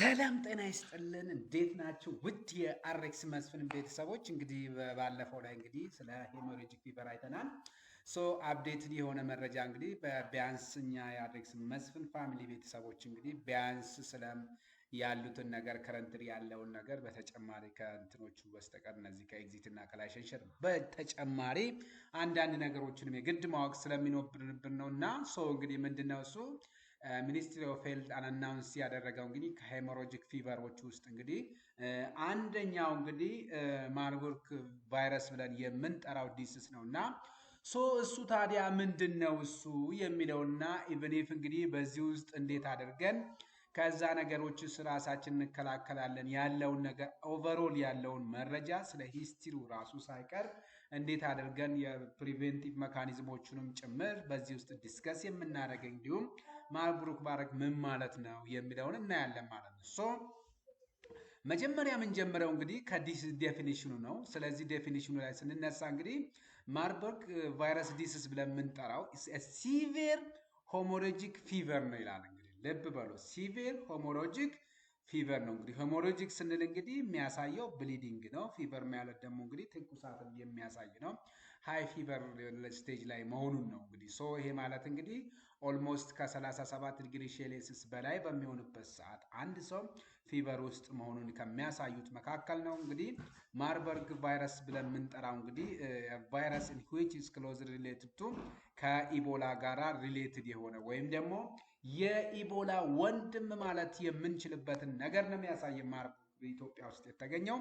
ሰላም ጤና ይስጥልን። እንዴት ናችሁ? ውድ የአሬክስ መስፍን ቤተሰቦች እንግዲህ ባለፈው ላይ እንግዲህ ስለ ሄሞሬጂክ ፊቨር አይተናል። ሶ አፕዴትድ የሆነ መረጃ እንግዲህ ቢያንስ እኛ የአሬክስ መስፍን ፋሚሊ ቤተሰቦች እንግዲህ ቢያንስ ስለ ያሉትን ነገር ከረንትሪ ያለውን ነገር በተጨማሪ ከእንትኖቹ በስተቀር እነዚህ ከኤግዚት እና ከላይሰንሸር በተጨማሪ አንዳንድ ነገሮችንም የግድ ማወቅ ስለሚኖርብን ነው እና ሶ እንግዲህ ምንድነው እሱ ሚኒስትሪ ኦፍ ሄልት አናውንስ ያደረገው እንግዲህ ከሄሞሮጂክ ፊቨሮች ውስጥ እንግዲህ አንደኛው እንግዲህ ማርበርግ ቫይረስ ብለን የምንጠራው ዲስስ ነው እና ሶ እሱ ታዲያ ምንድን ነው እሱ የሚለውና ኢቨኒፍ እንግዲህ በዚህ ውስጥ እንዴት አድርገን ከዛ ነገሮች ራሳችን እንከላከላለን ያለውን ነገር ኦቨሮል ያለውን መረጃ ስለ ሂስትሪው ራሱ ሳይቀር እንዴት አድርገን የፕሪቬንቲቭ መካኒዝሞቹንም ጭምር በዚህ ውስጥ ዲስከስ የምናደርገ እንዲሁም ማብሩክ ባረክ ምን ማለት ነው የሚለውን እናያለን ማለት ነው። ሶ መጀመሪያ የምንጀምረው እንግዲህ ከዲስ ዴፊኒሽኑ ነው። ስለዚህ ዴፊኒሽኑ ላይ ስንነሳ እንግዲህ ማርበርግ ቫይረስ ዲስስ ብለን የምንጠራው ሲቬር ሆሞሎጂክ ፊቨር ነው ይላል። እንግዲህ ልብ በሉ ሲቪር ሆሞሎጂክ ፊቨር ነው እንግዲህ ሆሞሎጂክ ስንል እንግዲህ የሚያሳየው ብሊዲንግ ነው። ፊቨር ማለት ደግሞ እንግዲህ ትኩሳትን የሚያሳይ ነው። ሃይ ፊቨር ስቴጅ ላይ መሆኑን ነው። እንግዲህ ሶ ይሄ ማለት እንግዲህ ኦልሞስት ከ37 ዲግሪ ሴልሲየስ በላይ በሚሆንበት ሰዓት አንድ ሰው ፊቨር ውስጥ መሆኑን ከሚያሳዩት መካከል ነው። እንግዲህ ማርበርግ ቫይረስ ብለን የምንጠራው እንግዲህ ቫይረስ ዊች ኢዝ ክሎዝ ሪሌትድ ቱ ከኢቦላ ጋራ ሪሌትድ የሆነ ወይም ደግሞ የኢቦላ ወንድም ማለት የምንችልበትን ነገር ነው የሚያሳይ ማርበርግ ኢትዮጵያ ውስጥ የተገኘው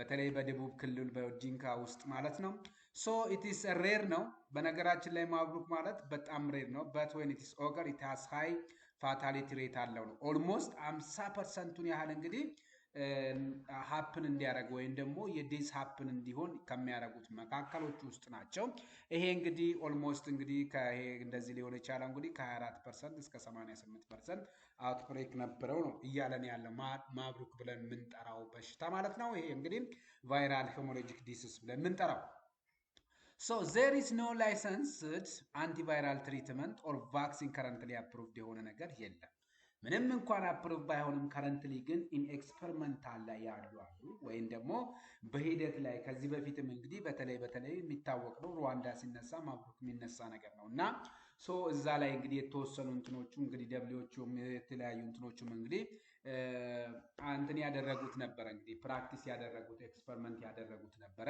በተለይ በደቡብ ክልል በጂንካ ውስጥ ማለት ነው። ሶ ኢትስ ሬር ነው። በነገራችን ላይ ማብሩክ ማለት በጣም ሬር ነው። በት ወይን ኢትስ ኦገር ኢትስ ሃይ ፋታሊቲ ሬት አለው ነው ኦልሞስት አምሳ ፐርሰንቱን ያህል እንግዲህ ሀፕን um, እንዲያደረግ ወይም ደግሞ የዲስ ሀፕን እንዲሆን ከሚያደረጉት መካከሎች ውስጥ ናቸው። ይሄ እንግዲህ ኦልሞስት እንግዲህ ከይሄ እንደዚህ ሊሆን የቻለው እንግዲህ ከ24 ፐርሰንት እስከ 88 ፐርሰንት አውትብሬክ ነበረው ነው እያለን ያለ ማብሩክ ብለን የምንጠራው በሽታ ማለት ነው። ይሄ እንግዲህ ቫይራል ሄሞሎጂክ ዲስስ ብለን የምንጠራው ሶ ዜር ኢዝ ኖ ላይሰንስድ አንቲቫይራል ትሪትመንት ኦር ቫክሲን ከረንትሊ አፕሩቭድ የሆነ ነገር የለም። ምንም እንኳን አፕሩቭ ባይሆንም ከረንትሊ ግን ኢን ኤክስፐሪመንታል ላይ ያሉ አሉ ወይም ደግሞ በሂደት ላይ ከዚህ በፊትም እንግዲህ በተለይ በተለይ የሚታወቅ ነው ሩዋንዳ ሲነሳ ማብሩክ የሚነሳ ነገር ነው እና ሶ እዛ ላይ እንግዲህ የተወሰኑ እንትኖቹ እንግዲህ ደብሊዎቹም የተለያዩ እንትኖቹም እንግዲህ እንትን ያደረጉት ነበረ እንግዲህ ፕራክቲስ ያደረጉት ኤክስፐሪመንት ያደረጉት ነበረ።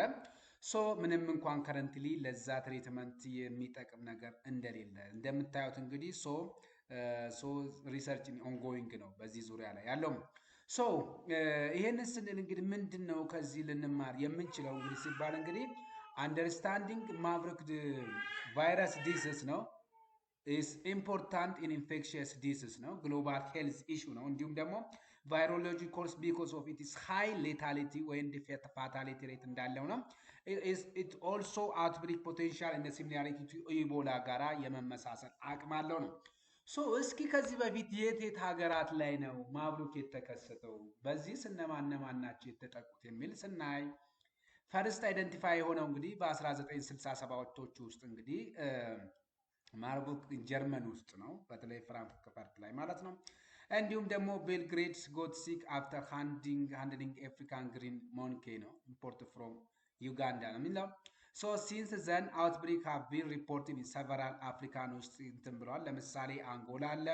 ሶ ምንም እንኳን ከረንትሊ ለዛ ትሪትመንት የሚጠቅም ነገር እንደሌለ እንደምታዩት እንግዲህ ሶ ሪሰርች uh, ኦንጎይንግ ነው በዚህ ዙሪያ ላይ ያለው። ሶ uh, ይሄንን ስንል እንግዲህ ምንድን ነው ከዚህ ልንማር የምንችለው እንግዲህ ሲባል እንግዲህ አንደርስታንዲንግ ማቭሪክድ ቫይረስ ዲስስ ነው ኢስ ኢምፖርታንት ኢን ኢንፌክሽየስ ዲስስ ነው ግሎባል ሄልዝ ኢሹ ነው። እንዲሁም ደግሞ ቫይሮሎጂ ኮርስ ቢኮዝ ኦፍ ኢትስ ሃይ ሌታሊቲ ወይም ፋታሊቲ ሬት እንዳለው ነው። ኢት ኦልሶ አውትብሪክ ፖቴንሻል እንደ ሲሚላሪቲ ቱ ኢቦላ ጋራ የመመሳሰል አቅም አለው ነው። ሶ እስኪ ከዚህ በፊት የት የት ሀገራት ላይ ነው ማብሩክ የተከሰተው፣ በዚህ እነማን እነማን ናቸው የተጠቁት የሚል ስናይ ፈርስት አይደንቲፋይ የሆነው እንግዲህ በ1967 ዎቹ ውስጥ እንግዲህ ማርቡክ ጀርመን ውስጥ ነው፣ በተለይ ፍራንክፈርት ላይ ማለት ነው። እንዲሁም ደግሞ ቤልግሬድ ጎትሲክ አፍተር ሃንድሊንግ ኤፍሪካን ግሪን ሞንኬ ነው ኢምፖርት ፍሮም ዩጋንዳ ነው የሚለው ሶ ሲንስ ዘን አውትብሪክ ሃቭ ቢን ሪፖርቲንግ ሰቨራል አፍሪካን ውስጥ እንትን ብለዋል። ለምሳሌ አንጎላ አለ፣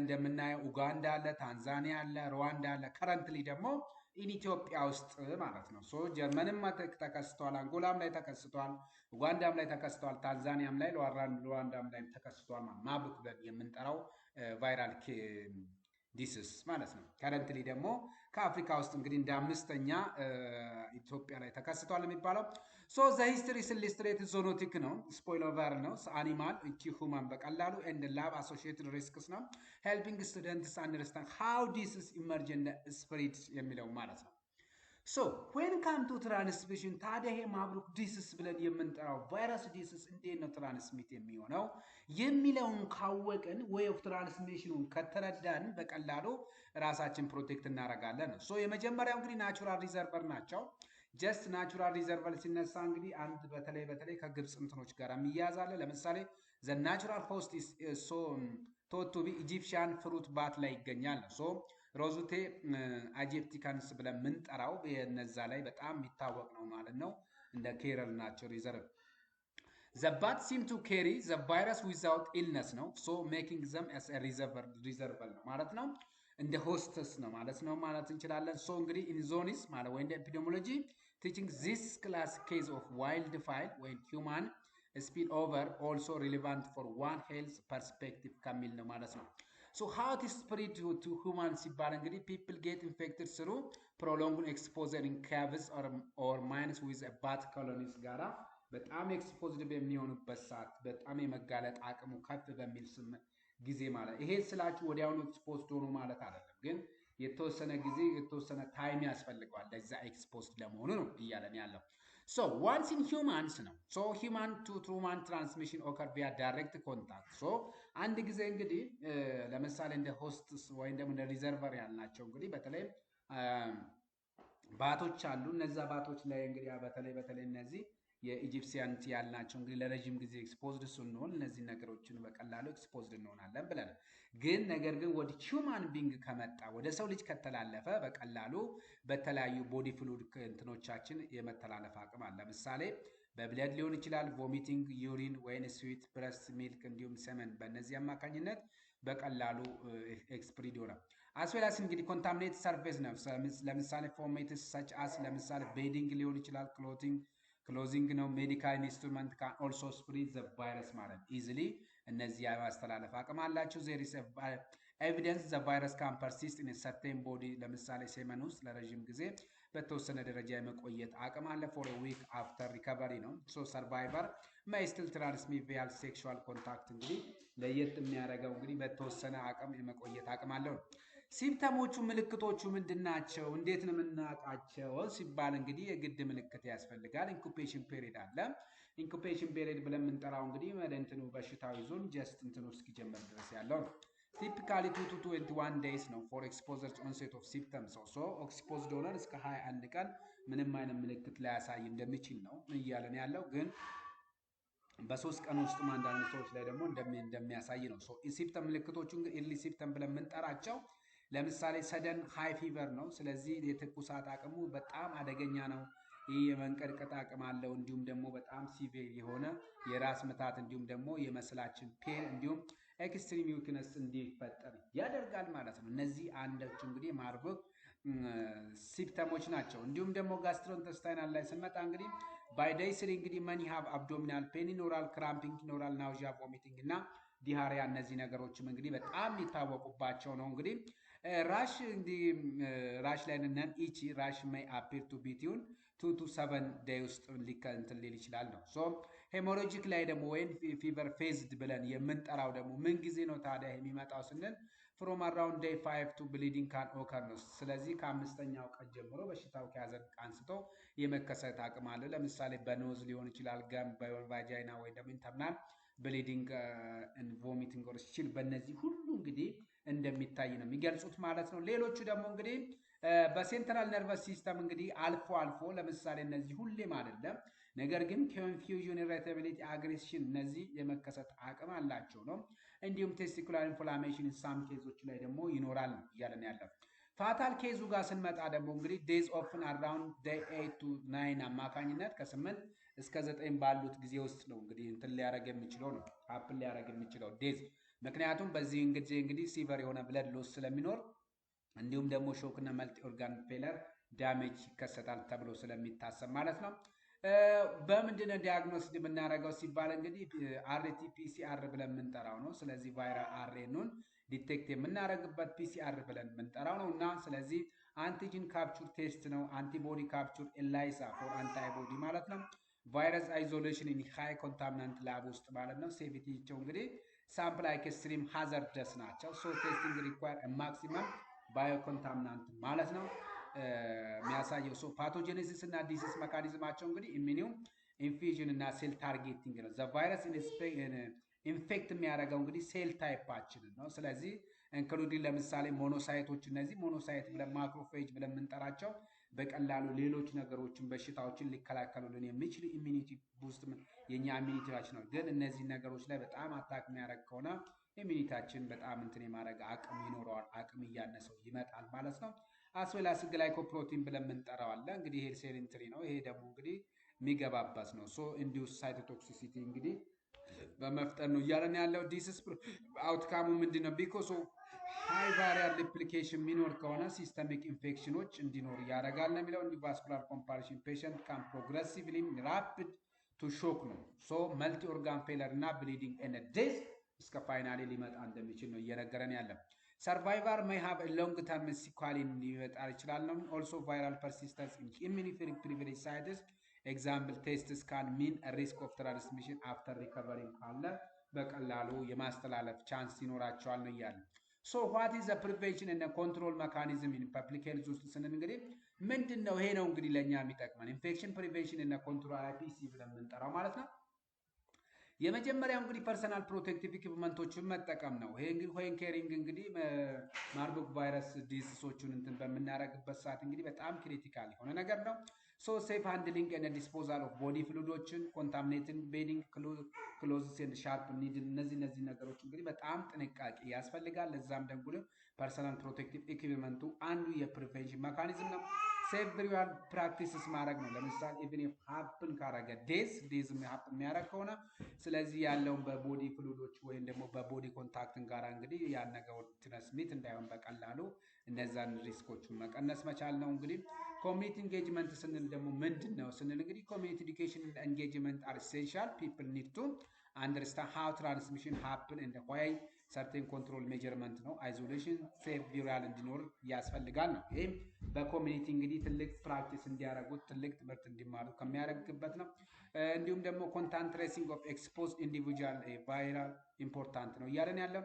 እንደምናየው ኡጋንዳ አለ፣ ታንዛኒያ አለ፣ ሩዋንዳ አለ። ከረንትሊ ደግሞ ኢን ኢትዮጵያ ውስጥ ማለት ነው። ሶ ጀርመንም ተከስቷል፣ አንጎላም ላይ ተከስቷል፣ ኡጋንዳም ላይ ተከስቷል፣ ታንዛኒያም ላይ ሩዋንዳም ላይ ተከስቷል። ማብክ የምንጠራው ቫይራል eh, ዲስስ ማለት ነው። ከረንትሊ ደግሞ ከአፍሪካ ውስጥ እንግዲህ እንደ አምስተኛ ኢትዮጵያ ላይ ተከስቷል የሚባለው ሶ ዘ ሂስትሪ ስሊስትሬት ዞኖቲክ ነው፣ ስፖይሎቨር ነው፣ አኒማል እቺ ሁማን በቀላሉ ኤንድ ላብ አሶሺየትድ ሪስክስ ነው፣ ሄልፒንግ ስቱደንትስ አንደርስታንድ ሃው ዲስስ ኢመርጀንት ስፕሪድ የሚለው ማለት ነው። ሶ ዌን ካም ቱ ትራንስሚሽን ታዲያ ይሄ ማብሩክ ዲስስ ብለን የምንጠራው ቫይረስ ዲስስ እንዴት ነው ትራንስሚት የሚሆነው የሚለውን ካወቅን ወይ ኦፍ ትራንስሚሽኑን ከተረዳን በቀላሉ ራሳችን ፕሮቴክት እናደርጋለን ሶ የመጀመሪያው እንግዲህ ናቹራል ሪዘርቨር ናቸው። ጀስት ናቹራል ሪዘርቨር ሲነሳ እንግዲህ አንድ በተለይ በተለይ ከግብፅ እንትኖች ጋር የሚያያዛለ ለምሳሌ ዘ ናቹራል ሆስት ሶ ቶቱ ኢጂፕሽያን ፍሩት ባት ላይ ይገኛል ሶ ሮዙቴ አጄፕቲካንስ ብለን የምንጠራው የነዛ ላይ በጣም የሚታወቅ ነው ማለት ነው። እንደ ኬረል ናቸው ሪዘርቭ ዘባት ሲም ቱ ካሪ ዘ ቫይረስ ዊዛውት ኢልነስ ነው። ሶ ሜኪንግ ዘም ሪዘርቨል ነው ማለት ነው። እንደ ሆስተስ ነው ማለት ነው ማለት እንችላለን። ሶ እንግዲህ ኢንዞኒስ ማለት ወይ እንደ ኤፒዴሞሎጂ ቲችንግ ዚስ ክላስ ኬዝ ኦፍ ዋይልድ ፋይል ወይም ሂውማን ስፒል ኦቨር ኦልሶ ሪሊቫንት ፎር ዋን ሄልዝ ፐርስፔክቲቭ ከሚል ነው ማለት ነው። ሶ ሃት ስፕሪድ ቱ ሁማን ሲባል እንግዲህ ፒፕል ጌት ኢንፌክትድ ስሩ ፕሮሎንግን ኤክስፖዘር ኢን ካቭስ ኦር ማይንስ ዊዝ ባት ኮሎኒስ ጋራ በጣም ኤክስፖዝድ በሚሆኑበት ሰዓት በጣም የመጋለጥ አቅሙ ከፍ በሚል ጊዜ ማለት ይሄ ስላችሁ ወዲያውኑ ኤክስፖዝድ ሆኖ ማለት አይደለም፣ ግን የተወሰነ ጊዜ የተወሰነ ታይም ያስፈልገዋል ለዛ ኤክስፖዝድ ለመሆኑ ነው እያለን ያለው። So once in humans ነው። So human to human transmission occur via direct contact። So አንድ ጊዜ እንግዲህ ለምሳሌ እንደ ሆስትስ ወይም ደግሞ እንደ ሪዘርቨር ያልናቸው እንግዲህ በተለይም ባቶች አሉ። እነዛ ባቶች ላይ እንግዲህ በተለይ በተለይ እነዚህ የኢጂፕሲያን ያልናቸው እንግዲህ ለረዥም ጊዜ ኤክስፖዝድ ስንሆን እነዚህ ነገሮችን በቀላሉ ኤክስፖዝድ እንሆናለን ብለን ግን ነገር ግን ወደ ሂውማን ቢንግ ከመጣ ወደ ሰው ልጅ ከተላለፈ በቀላሉ በተለያዩ ቦዲ ፍሉድ እንትኖቻችን የመተላለፍ አቅም አለ። ለምሳሌ በብለድ ሊሆን ይችላል፣ ቮሚቲንግ፣ ዩሪን ወይን ስዊት፣ ብረስት ሚልክ እንዲሁም ሰመን በእነዚህ አማካኝነት በቀላሉ ኤክስፕሪድ eh, ይሆናል። አስዌላስ እንግዲህ ኮንታሚኔት ሰርፌስ ነው። ለምሳሌ ፎርሜትስ ሰች አስ ለምሳሌ ቤዲንግ ሊሆን ይችላል ክሎቲንግ ክሎዚንግ ነው። ሜዲካል ኢንስትሩመንት ካን ኦልሶ ስፕሪድ ዘ ቫይረስ ማለት ኢዚሊ እነዚህ የማስተላለፍ አቅም አላቸው። ዜሪስ ኤቪደንስ ዘ ቫይረስ ካን ፐርሲስት ኢን ሰርቴን ቦዲ ለምሳሌ ሴመን ውስጥ ለረዥም ጊዜ በተወሰነ ደረጃ የመቆየት አቅም አለ። ፎር ዊክ አፍተር ሪከቨሪ ነው። ሶ ሰርቫይቨር ማይስትል ትራንስሚት ቪያል ሴክሹዋል ኮንታክት እንግዲህ ለየት የሚያደርገው እንግዲህ በተወሰነ አቅም የመቆየት አቅም አለው። ሲምተሞቹ ምልክቶቹ ምንድን ናቸው? እንዴት ነው የምናውቃቸው ሲባል እንግዲህ የግድ ምልክት ያስፈልጋል። ኢንኩፔሽን ፔሪድ አለ። ኢንኩፔሽን ፔሪድ ብለን የምንጠራው እንግዲህ መደንትኑ በሽታው ይዞን ጀስት እንትኑ እስኪጀመር ድረስ ያለው ነው። ቲፒካሊ ቱ ቱ ትዌንቲ ዋን ዴይስ ነው ፎር ኤክስፖዘር ኦንሴት ኦፍ ሲምፕተምስ ሶ ኤክስፖዝ ሆነን እስከ ሀያ አንድ ቀን ምንም አይነት ምልክት ላያሳይ እንደሚችል ነው እያለን ያለው ግን በሶስት ቀን ውስጥ አንዳንድ ሰዎች ላይ ደግሞ እንደሚያሳይ ነው። ሲምፕተም ምልክቶቹ ኢርሊ ሲምፕተም ብለን የምንጠራቸው ለምሳሌ ሰደን ሃይ ፊቨር ነው። ስለዚህ የትኩሳት አቅሙ በጣም አደገኛ ነው። ይህ የመንቀጥቀጥ አቅም አለው። እንዲሁም ደግሞ በጣም ሲቪር የሆነ የራስ ምታት እንዲሁም ደግሞ የመስላችን ፔን እንዲሁም ኤክስትሪም ዊክነስ እንዲፈጠር ያደርጋል ማለት ነው። እነዚህ አንዶች እንግዲህ ማርበርግ ሲፕተሞች ናቸው። እንዲሁም ደግሞ ጋስትሮኢንተስታይናል ላይ ስንመጣ እንግዲህ ባይ ስሪ እንግዲህ መኒሃብ አብዶሚናል ፔን ይኖራል፣ ክራምፒንግ ይኖራል፣ ናውዣ፣ ቮሚቲንግ እና ዲሃሪያ እነዚህ ነገሮችም እንግዲህ በጣም የሚታወቁባቸው ነው እንግዲህ ራሽ እንዲ ራሽ ላይ ነን ኢቺ ራሽ ማይ አፒር ቱ ቢ ቲዩን ቱ ቱ ሰቨን ዴይ ውስጥ ሊከ እንትን ሊል ይችላል ነው። ሶ ሄሞሮጂክ ላይ ደግሞ ወይም ፊቨር ፌዝድ ብለን የምንጠራው ደግሞ ምን ጊዜ ነው ታዲያ የሚመጣው ስንል ፍሮም አራውንድ ዴይ ፋይቭ ቱ ብሊዲንግ ካን ኦከር ነው። ስለዚህ ከአምስተኛው ቀን ጀምሮ በሽታው ከያዘ አንስቶ የመከሰት አቅም አለ። ለምሳሌ በኖዝ ሊሆን ይችላል፣ ገም በቫጃይና ወይ ደግሞ ኢንተርናል ብሊዲንግ ቮሚቲንግ ኦር ስቺል በእነዚህ ሁሉ እንግዲህ እንደሚታይ ነው የሚገልጹት ማለት ነው። ሌሎቹ ደግሞ እንግዲህ በሴንትራል ነርቨስ ሲስተም እንግዲህ አልፎ አልፎ ለምሳሌ እነዚህ ሁሌም አይደለም፣ ነገር ግን ኮንፊውዥን፣ ኢሪታቢሊቲ፣ አግሬሽን እነዚህ የመከሰት አቅም አላቸው ነው። እንዲሁም ቴስቲኩላር ኢንፍላሜሽን ሳም ኬዞች ላይ ደግሞ ይኖራል ነው እያለን ያለው። ፋታል ኬዙ ጋር ስንመጣ ደግሞ እንግዲህ ዴዝ ኦፍን አራውንድ ዴይ ኤይት ቱ ናይን አማካኝነት ከስምንት እስከ ዘጠኝ ባሉት ጊዜ ውስጥ ነው እንግዲህ እንትን ሊያደረግ የሚችለው ነው ሀፕን ሊያደረግ የሚችለው ዴዝ ምክንያቱም በዚህ ጊዜ እንግዲህ ሲቨር የሆነ ብለድ ሎስ ስለሚኖር እንዲሁም ደግሞ ሾክና መልቲ ኦርጋን ፌለር ዳሜጅ ይከሰታል ተብሎ ስለሚታሰብ ማለት ነው። በምንድን ነው ዲያግኖስድ የምናደርገው ሲባል እንግዲህ አርቲ ፒሲአር ብለን የምንጠራው ነው። ስለዚህ ቫይራል አሬኑን ዲቴክት የምናደርግበት ፒሲአር ብለን የምንጠራው ነው እና ስለዚህ አንቲጂን ካፕቹር ቴስት ነው። አንቲቦዲ ካፕቹር ኤላይሳ ፎር አንታይቦዲ ማለት ነው። ቫይረስ አይዞሌሽን ኢን ሃይ ኮንታሚናንት ላብ ውስጥ ማለት ነው። ሴቪቲቸው እንግዲህ ሳምፕል ኤክስትሪም ሃዘርደስ ናቸው። ሶ ቴስቲንግ ሪኳየር ማክሲመም ባዮኮንታምናንት ማለት ነው የሚያሳየው። ሶ ፓቶጀኔሲስ እና ዲሲስ መካኒዝማቸው እንግዲህ ኢሚኒውም ኢንፊዥን እና ሴል ታርጌቲንግ ነው። ዘ ቫይረስ ኢንፌክት የሚያደርገው እንግዲህ ሴል ታይፓችንን ነው። ስለዚህ እንክሉዲን ለምሳሌ ሞኖሳይቶች፣ እነዚህ ሞኖሳይት ብለን ማክሮፌጅ ብለን የምንጠራቸው በቀላሉ ሌሎች ነገሮችን በሽታዎችን ሊከላከሉልን የሚችል ኢሚኒቲ ቡስት የኛ ኢሚኒቲዎች ነው። ግን እነዚህ ነገሮች ላይ በጣም አታክ የሚያደርግ ከሆነ ኢሚኒታችን በጣም እንትን የማድረግ አቅም ይኖረዋል። አቅም እያነሰው ይመጣል ማለት ነው። አስዌላስ ግላይኮፕሮቲን ብለን የምንጠራዋለን። እንግዲህ ይሄ ሴል ኢንትሪ ነው። ይሄ ደግሞ እንግዲህ የሚገባበት ነው። ሶ ኢንዲዩስ ሳይቶቶክሲሲቲ እንግዲህ በመፍጠር ነው እያለን ያለው ዲስስ አውትካሙ ምንድን ነው ቢኮስ ሃይ ቫሪያል ሪፕሊኬሽን የሚኖር ከሆነ ሲስተሚክ ኢንፌክሽኖች እንዲኖሩ ያደርጋል ነው የሚለው። እንዲህ ቫስኩላር ኮምፓልሽን ፔሸንት ካን ፕሮግረሲቭሊ ራፒድ ቱ ሾክ ነው። ሶ መልቲ ኦርጋን ፌለር እና ብሊዲንግ ኤን ዴዝ እስከ ፋይናሌ ሊመጣ እንደሚችል ነው እየነገረን ያለ። ሰርቫይቫር ማይ ሃቭ ሎንግ ተርም ሲኳሊን ሊመጣ ይችላል ነው። ኦልሶ ቫይራል ፐርሲስተንስ ኢን ኢሚኒ ፕሪቪሌጅ ሳይትስ ኤግዛምፕል ቴስትስ ካን ሚን ሪስክ ኦፍ ትራንስሚሽን አፍተር ሪከቨሪንግ ካለ በቀላሉ የማስተላለፍ ቻንስ ይኖራቸዋል ነው እያለ ሶ ዋት ኢዝ ፕሪቬንሽን እና ኮንትሮል ሜካኒዝም ኢን ፐብሊክ ሄልዝ ውስጥ ስንል እንግዲህ ምንድን ነው ይሄ ነው እንግዲህ ለእኛ የሚጠቅመን ኢንፌክሽን ፕሪቬንሽን እና ኮንትሮል አይፒሲ ብለን የምንጠራው ማለት ነው። የመጀመሪያው እንግዲህ ፐርሰናል ፕሮቴክቲቭ ኢኩፕመንቶችን መጠቀም ነው። ይሄ ሆን ኬሪንግ እንግዲህ ማርቡክ ቫይረስ ዲዚሶቹን እንትን በምናደርግበት ሰዓት እንግዲህ በጣም ክሪቲካል የሆነ ነገር ነው። So safe handling and disposal of body fluidoችን ኮንታሚኔትን ቤዲንግ ክሎዝስ ኤንድ ሻርፕ ኒድል እነዚህ እነዚህ ነገሮች እንግዲህ በጣም ጥንቃቄ ያስፈልጋል። ለዛም ደግሞ ፐርሰናል ፕሮቴክቲቭ ኢኩዊፕመንቱ አንዱ የፕሪቬንሽን መካኒዝም ነው። ሴቭሪዋል ፕራክቲስስ ማድረግ ነው። ለምሳሌ ኢቭን ሀፕን ካረገ ዴዝ ዴዝ ሀፕን የሚያደረግ ከሆነ ስለዚህ ያለውን በቦዲ ፍሉዶች ወይም ደግሞ በቦዲ ኮንታክትን ጋር እንግዲህ ያነገው ትነስሚት እንዳይሆን በቀላሉ እነዛን ሪስኮቹን መቀነስ መቻል ነው። እንግዲህ ኮሚኒቲ ኢንጌጅመንት ስንል ደግሞ ምንድን ነው ስንል እንግዲህ ኮሚኒቲ ኢዱኬሽን ኢንጌጅመንት አር ኢሴንሻል ፒፕል ኒድ ቱ አንደርስታንድ ሃው ትራንስሚሽን ሀፕን ኤንድ ዋይ ሰርቴን ኮንትሮል ሜጀርመንት ነው። አይዞሌሽን ሴፍ ቪራል እንዲኖር ያስፈልጋል ነው። ይህም በኮሚኒቲ እንግዲህ ትልቅ ፕራክቲስ እንዲያደርጉት ትልቅ ትምህርት እንዲማሩ ከሚያደርግበት ነው። እንዲሁም ደግሞ ኮንታንት ትሬሲንግ ኦፍ ኤክስፖዝ ኢንዲቪጁዋል ቫይራል ኢምፖርታንት ነው እያለን ያለ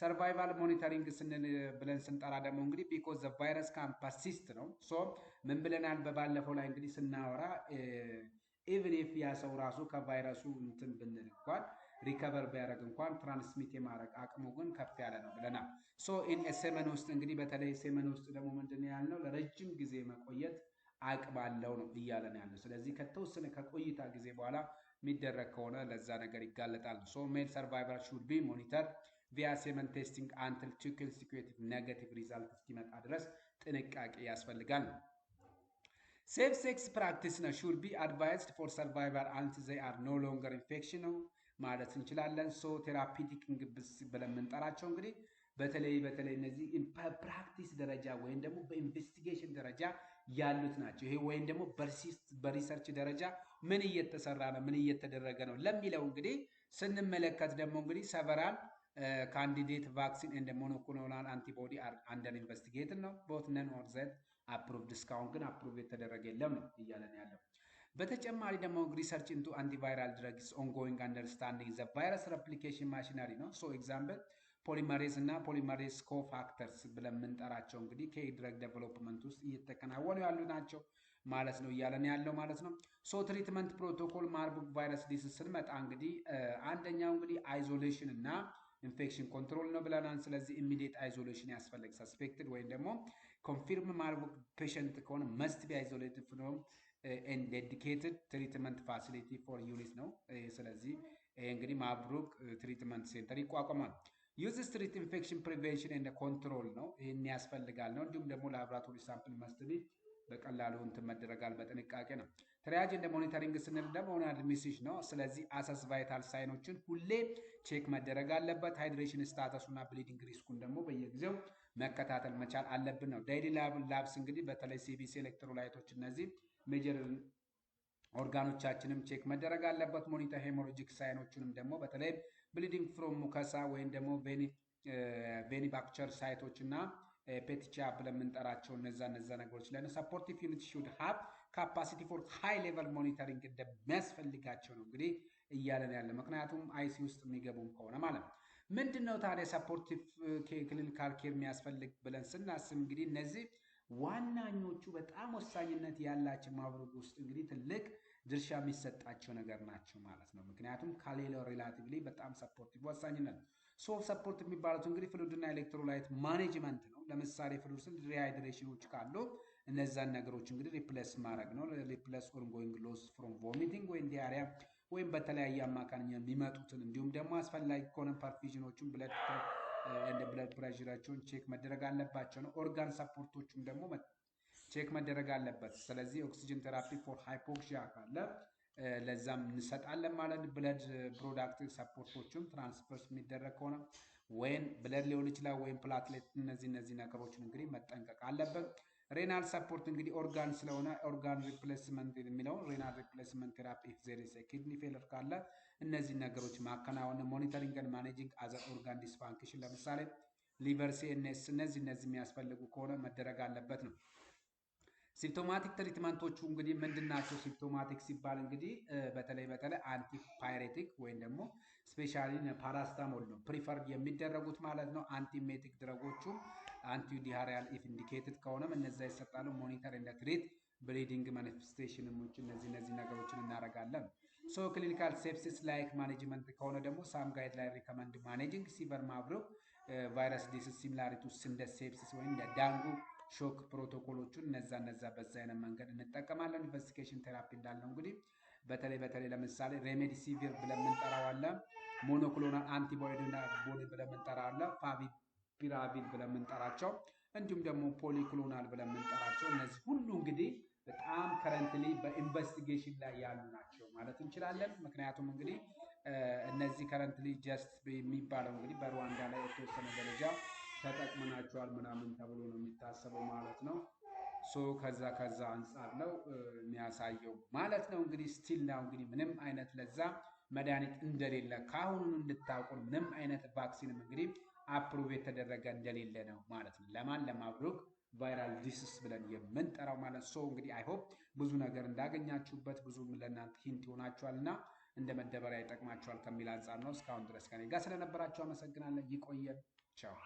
ሰርቫይቫል ሞኒተሪንግ ስንል ብለን ስንጠራ ደግሞ እንግዲህ ቢኮዝ ዘ ቫይረስ ካን ፐርሲስት ነው። ሶ ምን ብለናል? በባለፈው ላይ እንግዲህ ስናወራ ኢቭን ኢፍ ያ ሰው ራሱ ከቫይረሱ እንትን ብንል ሪከቨር ቢያደረግ እንኳን ትራንስሚት የማድረግ አቅሙ ግን ከፍ ያለ ነው ብለናል። ሶ ኢን ሰመን ውስጥ እንግዲህ በተለይ ሴመን ውስጥ ደግሞ ምንድን ያልነው ለረጅም ጊዜ መቆየት አቅም አለው ነው እያለን ያለው። ስለዚህ ከተወሰነ ከቆይታ ጊዜ በኋላ የሚደረግ ከሆነ ለዛ ነገር ይጋለጣል። ሶ ሜል ሰርቫይቨር ሹድ ቢ ሞኒተር ቪያ ሴመን ቴስቲንግ አንትል ቱ ኮንሲኩዌቲቭ ኔጋቲቭ ሪዛልት እስኪመጣ ድረስ ጥንቃቄ ያስፈልጋል ነው። ሴፍ ሴክስ ፕራክቲስ ነው ሹድ ቢ አድቫይዝድ ፎር ሰርቫይቨር አንት ዘይ አር ኖ ሎንገር ኢንፌክሽን ነው ማለት እንችላለን። ሶ ቴራፒቲክ ብለን የምንጠራቸው እንግዲህ በተለይ በተለይ እነዚህ በፕራክቲስ ደረጃ ወይም ደግሞ በኢንቨስቲጌሽን ደረጃ ያሉት ናቸው። ይሄ ወይም ደግሞ በርሲስት በሪሰርች ደረጃ ምን እየተሰራ ነው፣ ምን እየተደረገ ነው ለሚለው እንግዲህ ስንመለከት ደግሞ እንግዲህ ሰቨራል ካንዲዴት ቫክሲን እንደ ሞኖክሎናል አንቲቦዲ አንደር ኢንቨስቲጌትን ነው ቦት ነን ኦር ዘት አፕሩቭድ እስካሁን ግን አፕሩቭ የተደረገ የለም ነው እያለን ያለው። በተጨማሪ ደግሞ ሪሰርች ኢንቱ አንቲቫይራል ድረግስ ኦንጎይንግ አንደርስታንዲንግ ዘ ቫይረስ ሬፕሊኬሽን ማሽነሪ ነው። ሶ ኤግዛምፕል ፖሊመሬዝ እና ፖሊመሬዝ ኮፋክተርስ ብለን የምንጠራቸው እንግዲህ ከድረግ ዴቨሎፕመንት ውስጥ እየተከናወኑ ያሉ ናቸው ማለት ነው እያለን ያለው ማለት ነው። ሶ ትሪትመንት ፕሮቶኮል ማርቡክ ቫይረስ ዲስ ስንመጣ እንግዲህ አንደኛው እንግዲህ አይዞሌሽን እና ኢንፌክሽን ኮንትሮል ነው ብለናል። ስለዚህ ኢሚዲየት አይዞሌሽን ያስፈልግ ሰስፔክትድ ወይም ደግሞ ኮንፊርም ማርቡክ ፔሸንት ከሆነ መስት ቢ አይዞሌትድ ፍሮም ዴዲኬትድ ትሪትመንት ፋሲሊቲ ፎር ዩኒት ነው። ስለዚህ እንግዲህ ማብሩክ ትሪትመንት ሴንተር ይቋቋማል። ዩዝ ስትሪት ኢንፌክሽን ፕሪቬንሽን ኤንድ ኮንትሮል ነው። ይህን ያስፈልጋል ነው። እንዲሁም ደግሞ ላብራቶሪ ሳምፕል መስትቢ በቀላሉ እንትን መደረጋል በጥንቃቄ ነው። ትሪያጅ እንደ ሞኒተሪንግ ስንል ደግሞ አድሚሲሽ ነው። ስለዚህ አሰስ ቫይታል ሳይኖችን ሁሌ ቼክ መደረግ አለበት። ሃይድሬሽን ስታተሱ እና ብሊዲንግ ሪስኩን ደግሞ በየጊዜው መከታተል መቻል አለብን ነው። ዳይሊ ላብስ እንግዲህ በተለይ ሲቢሲ ኤሌክትሮላይቶች እነዚህ ሜጀር ኦርጋኖቻችንም ቼክ መደረግ አለበት። ሞኒተር ሄሞሮጂክ ሳይኖቹንም ደግሞ በተለይ ብሊዲንግ ፍሮም ሙከሳ ወይም ደግሞ ቬኒባክቸር ሳይቶች eh, እና ፔትቻ eh, ብለን የምንጠራቸው እነዛ እነዛ ነገሮች ለነ ሰፖርቲቭ ዩኒት ሹድ ሀብ ካፓሲቲ ፎር ሃይ ሌቨል ሞኒተሪንግ እንደሚያስፈልጋቸው ነው እንግዲህ እያለን ያለ ምክንያቱም አይሲ ውስጥ የሚገቡም ከሆነ ማለት ነው። ምንድን ነው ታዲያ ሰፖርቲቭ ክሊኒካል ኬር የሚያስፈልግ ብለን ስናስብ እንግዲህ እነዚህ ዋናኞቹ በጣም ወሳኝነት ያላቸው ማህበረሰብ ውስጥ እንግዲህ ትልቅ ድርሻ የሚሰጣቸው ነገር ናቸው ማለት ነው። ምክንያቱም ከሌላው ሪላቲቭሊ በጣም ሰፖርቲቭ ወሳኝነት ሶ ሰፖርት የሚባሉት እንግዲህ ፍሉድና ኤሌክትሮላይት ማኔጅመንት ነው። ለምሳሌ ፍሉድ ስል ሪሃይድሬሽኖች ካሉ እነዛን ነገሮች እንግዲህ ሪፕለስ ማድረግ ነው። ሪፕለስ ኦንጎይንግ ሎስ ፍሮም ቮሚቲንግ ወይም ዲያሪያ ወይም በተለያየ አማካኝ የሚመጡትን እንዲሁም ደግሞ አስፈላጊ ከሆነ ፐርፊዥኖችን ብለድ እንደ ብለድ ፕሬሽራቸውን ቼክ መደረግ አለባቸው ነው። ኦርጋን ሰፖርቶቹም ደግሞ ቼክ መደረግ አለበት። ስለዚህ ኦክሲጅን ቴራፒ ፎር ሃይፖክሲያ ካለ ለዛም እንሰጣለን ማለት ብለድ ፕሮዳክት ሰፖርቶቹም ትራንስፈርስ የሚደረግ ከሆነ ወይም ብለድ ሊሆን ይችላል ወይም ፕላትሌት፣ እነዚህ እነዚህ ነገሮችን እንግዲህ መጠንቀቅ አለበት። ሬናል ሰፖርት እንግዲህ ኦርጋን ስለሆነ ኦርጋን ሪፕሌስመንት የሚለውን ሬናል ሪፕሌስመንት ቴራፒ ዜሬሴ ኪድኒ ፌለር ካለ እነዚህን ነገሮች ማከናወን ሞኒተሪንግን ማኔጂንግ አዘር ኦርጋን ዲስፋንክሽን ለምሳሌ ሊቨር፣ ሲኤንኤስ እነዚህ እነዚህ የሚያስፈልጉ ከሆነ መደረግ አለበት ነው። ሲምፕቶማቲክ ትሪትመንቶቹ እንግዲህ ምንድን ናቸው? ሲምፕቶማቲክ ሲባል እንግዲህ በተለይ በተለይ አንቲፓይሬቲክ ወይም ደግሞ ስፔሻሊ ፓራስታሞል ነው ፕሪፈር የሚደረጉት ማለት ነው። አንቲሜቲክ ድረጎቹ አንቲዲሃሪያል ኢፍ ኢንዲኬትድ ከሆነም እነዛ ይሰጣሉ። ሞኒተር እንደ ትሪት ብሊዲንግ ማኒፌስቴሽን እነዚህ እነዚህ ነገሮችን እናደርጋለን። ሶ ክሊኒካል ሴፕሲስ ላይክ ማኔጅመንት ከሆነ ደግሞ ሳም ጋይድ ላይ ሪከመንድ ማኔጂንግ ሲቨር ማብሮ ቫይረስ ዲስስ ሲሚላሪቱ እንደ ሴፕሲስ ወይም እንደ ዳንጉ ሾክ ፕሮቶኮሎቹን እነዛ እነዛ በዛ አይነት መንገድ እንጠቀማለን። ኢንቨስቲጌሽን ቴራፒ እንዳልነው እንግዲህ በተለይ በተለይ ለምሳሌ ሬሜዲ ሬሜዲሲቪር ብለን የምንጠራው አለ፣ ሞኖክሎናል አንቲባዮዲ ብለን የምንጠራው አለ፣ ፋቪፒራቪር ብለን የምንጠራቸው እንዲሁም ደግሞ ፖሊክሎናል ብለን የምንጠራቸው እነዚህ ሁሉ እንግዲህ በጣም ከረንትሊ በኢንቨስቲጌሽን ላይ ያሉ ናቸው ማለት እንችላለን። ምክንያቱም እንግዲህ እነዚህ ከረንትሊ ጀስት የሚባለው እንግዲህ በሩዋንዳ ላይ የተወሰነ ደረጃ ተጠቅመናቸዋል ምናምን ተብሎ ነው የሚታሰበው ማለት ነው። ሶ ከዛ ከዛ አንጻር ነው የሚያሳየው ማለት ነው። እንግዲህ ስቲል ነው እንግዲህ ምንም አይነት ለዛ መድኃኒት እንደሌለ ከአሁኑን እንድታውቁን ምንም አይነት ቫክሲንም እንግዲህ አፕሩቭ የተደረገ እንደሌለ ነው ማለት ነው። ለማን ለማብሩክ ቫይራል ዲስስ ብለን የምንጠራው ማለት ሰው እንግዲህ አይሆፕ ብዙ ነገር እንዳገኛችሁበት ብዙ ለእናንተ ሂንት ይሆናችኋል እና እንደ መደበሪያ ይጠቅማችኋል ከሚል አንጻር ነው። እስካሁን ድረስ ከኔ ጋር ስለነበራችሁ አመሰግናለን። ይቆየን። ቻው